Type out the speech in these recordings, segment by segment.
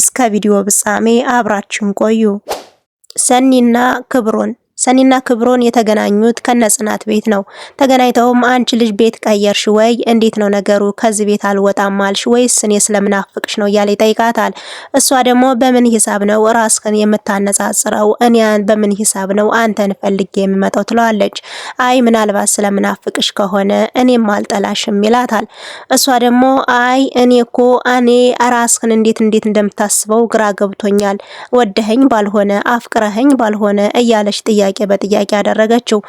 እስከ ቪዲዮ ፍጻሜ አብራችን ቆዩ። ሰኒና ክብሩን ሰኒና ክብሮን የተገናኙት ከነጽናት ቤት ነው። ተገናኝተውም አንቺ ልጅ ቤት ቀየርሽ ወይ? እንዴት ነው ነገሩ? ከዚህ ቤት አልወጣም አልሽ ወይስ እኔ ስለምናፍቅሽ ነው እያለ ይጠይቃታል። እሷ ደግሞ በምን ሂሳብ ነው ራስህን የምታነጻጽረው? እኔ በምን ሂሳብ ነው አንተን ፈልጌ የምመጣው ትለዋለች። አይ ምናልባት ስለምናፍቅሽ ከሆነ እኔም አልጠላሽም ይላታል። እሷ ደግሞ አይ እኔ እኮ እኔ ራስህን እንዴት እንዴት እንደምታስበው ግራ ገብቶኛል። ወደኸኝ ባልሆነ አፍቅረኸኝ ባልሆነ እያለች ጥያቄ ጥያቄ በጥያቄ አደረገችው።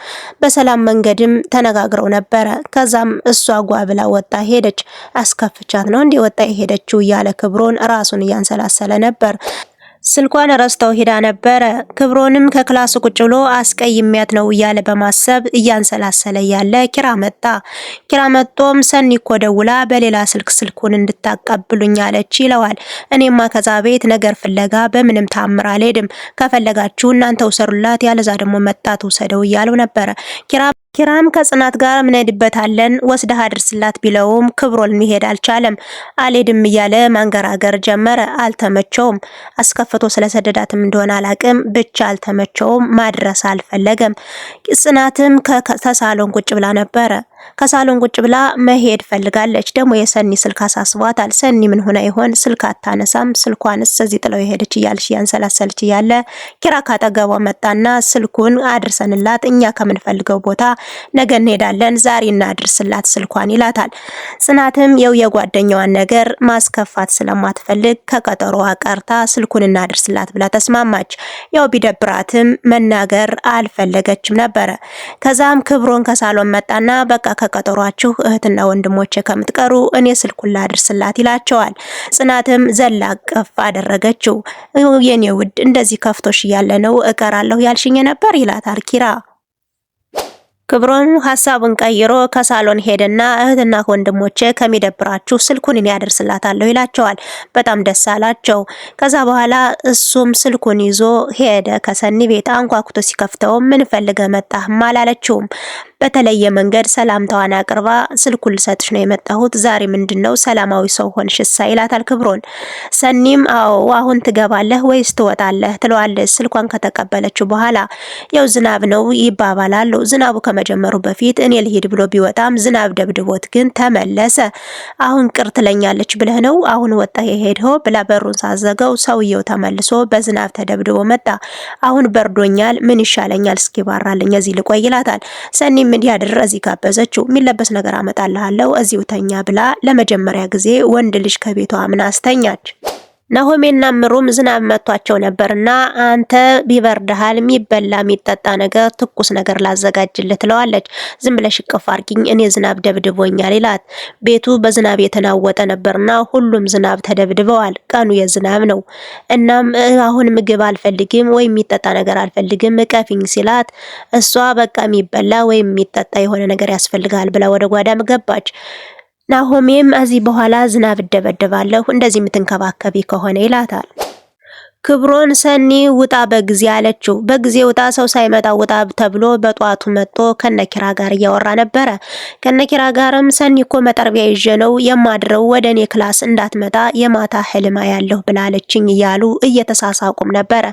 በሰላም መንገድም ተነጋግረው ነበረ። ከዛም እሷ ጓ ብላ ወጣ ሄደች። አስከፍቻት ነው እንዲህ ወጣ ሄደችው እያለ ክብሮን ራሱን እያንሰላሰለ ነበር። ስልኳን ረስተው ሄዳ ነበረ። ክብሮንም ከክላስ ቁጭ ብሎ አስቀይሜያት ነው እያለ በማሰብ እያንሰላሰለ ያለ ኪራ መጣ። ኪራ መጥቶም ሰኒ እኮ ደውላ በሌላ ስልክ ስልኩን እንድታቀብሉኝ አለች ይለዋል። እኔማ ከዛ ቤት ነገር ፍለጋ በምንም ታምር አልሄድም፣ ከፈለጋችሁ እናንተ ውሰሩላት፣ ያለዛ ደግሞ መጣ ትውሰደው እያለው ነበረ ኪራ ኪራም ከጽናት ጋር ምንሄድበታለን ወስደህ አድርስላት ቢለውም ክብሮል መሄድ አልቻለም። አልሄድም እያለ ማንገራገር ጀመረ። አልተመቸውም። አስከፍቶ ስለሰደዳትም እንደሆነ አላቅም፣ ብቻ አልተመቸውም። ማድረስ አልፈለገም። ጽናትም ከሳሎን ቁጭ ብላ ነበረ። ከሳሎን ቁጭ ብላ መሄድ ፈልጋለች። ደግሞ የሰኒ ስልክ አሳስቧታል። ሰኒ ምን ሆነ ይሆን? ስልክ አታነሳም። ስልኳንስ እዚህ ጥለው የሄደች እያልሽ ያንሰላሰልች እያለ ኪራ ካጠገቧ መጣና ስልኩን አድርሰንላት እኛ ከምንፈልገው ቦታ ነገ እንሄዳለን ዛሬ እናድርስላት ስልኳን ይላታል። ጽናትም የው የጓደኛዋን ነገር ማስከፋት ስለማትፈልግ ከቀጠሮዋ ቀርታ ስልኩን እናድርስላት ብላ ተስማማች። ያው ቢደብራትም መናገር አልፈለገችም ነበረ። ከዛም ክብሮን ከሳሎን መጣና በቃ ከቀጠሯችሁ እህትና ወንድሞቼ ከምትቀሩ እኔ ስልኩን ላድርስላት ይላቸዋል። ጽናትም ዘላ ቀፍ አደረገችው። የኔ ውድ እንደዚህ ከፍቶሽ እያለ ነው እቀራለሁ ያልሽኝ ነበር ይላታል ኪራ። ክብሮን ሀሳቡን ቀይሮ ከሳሎን ሄደና እህትና ወንድሞች ከሚደብራችሁ ስልኩን እኔ ያደርስላታለሁ ይላቸዋል። በጣም ደስ አላቸው። ከዛ በኋላ እሱም ስልኩን ይዞ ሄደ ከሰኒ ቤት። አንኳኩቶ ሲከፍተውም ምን ፈልገህ መጣህ አላለችውም። በተለየ መንገድ ሰላምታዋን አቅርባ ስልኩን ልሰጥሽ ነው የመጣሁት ዛሬ ምንድነው ሰላማዊ ሰው ሆንሽሳ? ይላታል ክብሮን። ሰኒም አዎ አሁን ትገባለህ ወይስ ትወጣለህ ትለዋለች። ስልኳን ከተቀበለችው በኋላ ያው ዝናብ ነው ይባባላሉ። ዝናቡ ከመጀመሩ በፊት እኔ ልሂድ ብሎ ቢወጣም ዝናብ ደብድቦት ግን ተመለሰ። አሁን ቅር ትለኛለች ብለህ ነው አሁን ወጣ የሄድኸው ብላ በሩን ሳዘገው ሰውየው ተመልሶ በዝናብ ተደብድቦ መጣ። አሁን በርዶኛል፣ ምን ይሻለኛል? እስኪ ባራልኝ እዚህ ልቆይ ይላታል። ሰኒም እኔም እንዲያድር እዚህ ጋበዘችው። የሚለበስ ነገር አመጣልሃለሁ እዚሁ ተኛ ብላ ለመጀመሪያ ጊዜ ወንድ ልጅ ከቤቷ አምና አስተኛች። ናሆሜና ምሩም ዝናብ መቷቸው ነበርና አንተ ቢበርድሃል የሚበላ የሚጠጣ ነገር ትኩስ ነገር ላዘጋጅልህ ትለዋለች። ዝም ብለሽ ቅፍ አርጊኝ እኔ ዝናብ ደብድቦኛል ይላት። ቤቱ በዝናብ የተናወጠ ነበርና ሁሉም ዝናብ ተደብድበዋል። ቀኑ የዝናብ ነው። እናም አሁን ምግብ አልፈልግም ወይም የሚጠጣ ነገር አልፈልግም እቀፊኝ ሲላት እሷ በቃ የሚበላ ወይም የሚጠጣ የሆነ ነገር ያስፈልጋል ብላ ወደ ጓዳም ገባች። ናሆሜም እዚህ በኋላ ዝናብ እደበደባለሁ እንደዚህ የምትንከባከቢ ከሆነ ይላታል። ክብሮን ሰኒ ውጣ በጊዜ አለችው። በጊዜ ውጣ፣ ሰው ሳይመጣ ውጣ ተብሎ በጧቱ መጥቶ ከነኪራ ጋር እያወራ ነበረ። ከነኪራ ጋርም ሰኒ እኮ መጠርቢያ ይዤ ነው የማድረው ወደ እኔ ክላስ እንዳትመጣ የማታ ህልማ ያለሁ ብላለችኝ እያሉ እየተሳሳቁም ነበረ።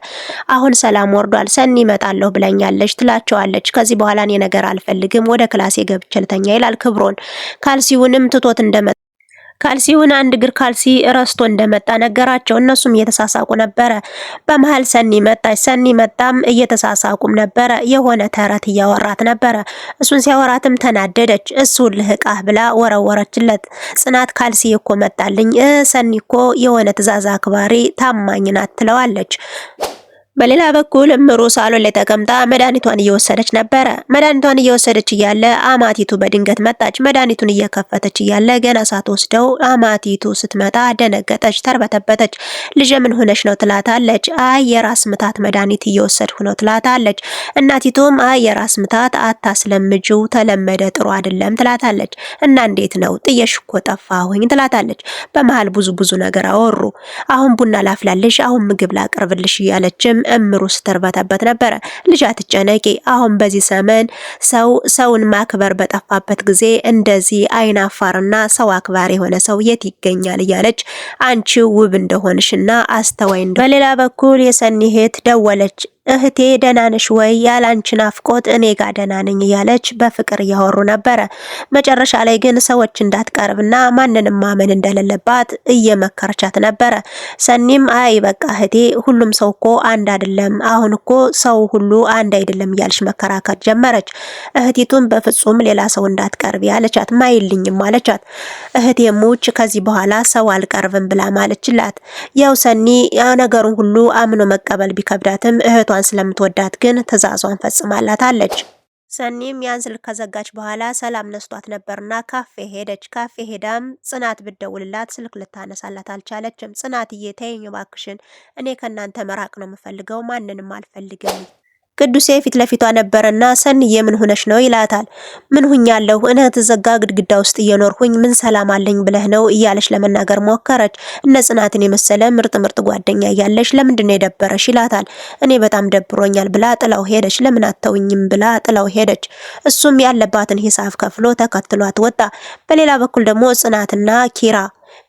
አሁን ሰላም ወርዷል። ሰኒ እመጣለሁ ብለኛለች ትላቸዋለች። ከዚህ በኋላ እኔ ነገር አልፈልግም ወደ ክላሴ ገብቼ ልተኛ ይላል ክብሮን። ካልሲውንም ትቶት እንደመ ካልሲውን አንድ እግር ካልሲ ረስቶ እንደመጣ ነገራቸው። እነሱም እየተሳሳቁ ነበረ። በመሀል ሰኒ መጣች። ሰኒ መጣም እየተሳሳቁም ነበረ። የሆነ ተረት እያወራት ነበረ። እሱን ሲያወራትም ተናደደች። እሱን ልህቃህ ብላ ወረወረችለት። ጽናት ካልሲ እኮ መጣልኝ፣ ሰኒ እኮ የሆነ ትዕዛዝ አክባሪ ታማኝ ናት ትለዋለች። በሌላ በኩል እምሩ ሳሎን ላይ ተቀምጣ መድኃኒቷን እየወሰደች ነበረ። መድኃኒቷን እየወሰደች እያለ አማቲቱ በድንገት መጣች። መድኃኒቱን እየከፈተች እያለ ገና ሳትወስደው አማቲቱ ስትመጣ ደነገጠች፣ ተርበተበተች። ልጄ ምን ሆነሽ ነው ትላታለች። አይ የራስ ምታት መድኃኒት እየወሰድኩ ነው ትላታለች። እናቲቱም አይ የራስ ምታት አታስለምጂው፣ ተለመደ ጥሩ አይደለም ትላታለች። እና እንዴት ነው ጥየሽ እኮ ጠፋሁኝ ትላታለች። በመሃል ብዙ ብዙ ነገር አወሩ። አሁን ቡና ላፍላልሽ፣ አሁን ምግብ ላቅርብልሽ እያለችም እምሩ ስተርባታበት ነበረ። ልጅ አትጨነቂ፣ አሁን በዚህ ዘመን ሰው ሰውን ማክበር በጠፋበት ጊዜ እንደዚህ አይን አፋርና ሰው አክባር የሆነ ሰው የት ይገኛል? እያለች አንቺ ውብ እንደሆንሽና አስተዋይ። በሌላ በኩል የሰኒ እህት ደወለች። እህቴ ደናንሽ ወይ? ያለ አፍቆት ናፍቆት እኔ ጋ ደናነኝ እያለች በፍቅር እያወሩ ነበረ። መጨረሻ ላይ ግን ሰዎች እንዳትቀርብና ማንንም ማመን እንደሌለባት እየመከረቻት ነበረ። ሰኒም አይ በቃ እህቴ፣ ሁሉም ሰው እኮ አንድ አይደለም፣ አሁን እኮ ሰው ሁሉ አንድ አይደለም እያለች መከራከር ጀመረች። እህቲቱን በፍጹም ሌላ ሰው እንዳትቀርብ ያለቻት ማይልኝም አለቻት። እህቴ ሙች ከዚህ በኋላ ሰው አልቀርብም ብላ ማለችላት። ያው ሰኒ ነገሩን ሁሉ አምኖ መቀበል ቢከብዳትም እህቷ እሷን ስለምትወዳት ግን ትዕዛዟን ፈጽማላታለች። ሰኒም ያን ስልክ ከዘጋች በኋላ ሰላም ነስቷት ነበርና ካፌ ሄደች። ካፌ ሄዳም ጽናት ብደውልላት ስልክ ልታነሳላት አልቻለችም። ጽናትዬ ተይኝ እባክሽን፣ እኔ ከእናንተ መራቅ ነው የምፈልገው፣ ማንንም አልፈልግም ቅዱሴ ፊት ለፊቷ ነበረና ሰንዬ ምን ሆነሽ ነው ይላታል። ምን ሁኛለሁ እነ ተዘጋ ግድግዳ ውስጥ እየኖርሁኝ ምን ሰላም አለኝ ብለህ ነው እያለች ለመናገር ሞከረች። እነ ጽናትን የመሰለ ምርጥ ምርጥ ጓደኛ እያለች ለምንድን ነው የደበረሽ ይላታል። እኔ በጣም ደብሮኛል ብላ ጥላው ሄደች። ለምን አተውኝም ብላ ጥላው ሄደች። እሱም ያለባትን ሂሳብ ከፍሎ ተከትሏት ወጣ። በሌላ በኩል ደግሞ ጽናትና ኪራ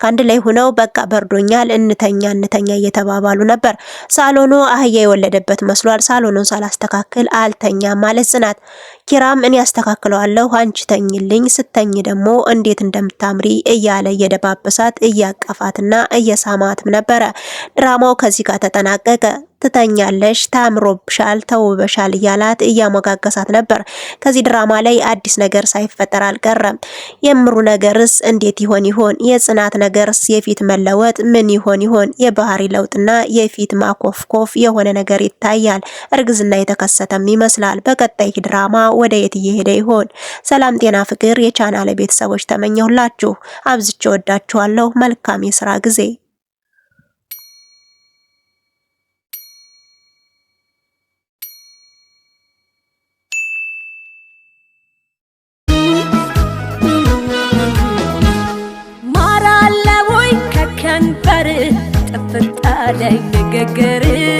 ከአንድ ላይ ሁነው በቃ በርዶኛል እንተኛ እንተኛ እየተባባሉ ነበር። ሳሎኑ አህያ የወለደበት መስሏል። ሳሎኑን ሳላስተካክል አልተኛ ማለት ጽናት ኪራም እኔ አስተካክለዋለሁ አንቺ ተኝልኝ፣ ስተኝ ደግሞ እንዴት እንደምታምሪ እያለ እየደባበሳት እያቀፋትና እየሳማትም ነበረ። ድራማው ከዚህ ጋር ተጠናቀቀ። ትተኛለሽ፣ ታምሮብሻል፣ ተውበሻል እያላት እያሞጋገሳት ነበር። ከዚህ ድራማ ላይ አዲስ ነገር ሳይፈጠር አልቀረም። የምሩ ነገርስ እንዴት ይሆን ይሆን? የጽናት ነገርስ የፊት መለወጥ ምን ይሆን ይሆን? የባህሪ ለውጥና የፊት ማኮፍኮፍ የሆነ ነገር ይታያል። እርግዝና የተከሰተም ይመስላል። በቀጣይ ድራማ ወደ የት እየሄደ ይሆን? ሰላም፣ ጤና፣ ፍቅር የቻናል ቤተሰቦች ተመኘሁላችሁ። አብዝቼ ወዳችኋለሁ። መልካም የስራ ጊዜ ማራለወይ ከከንበር ጥፍጣ ላይ ንግግር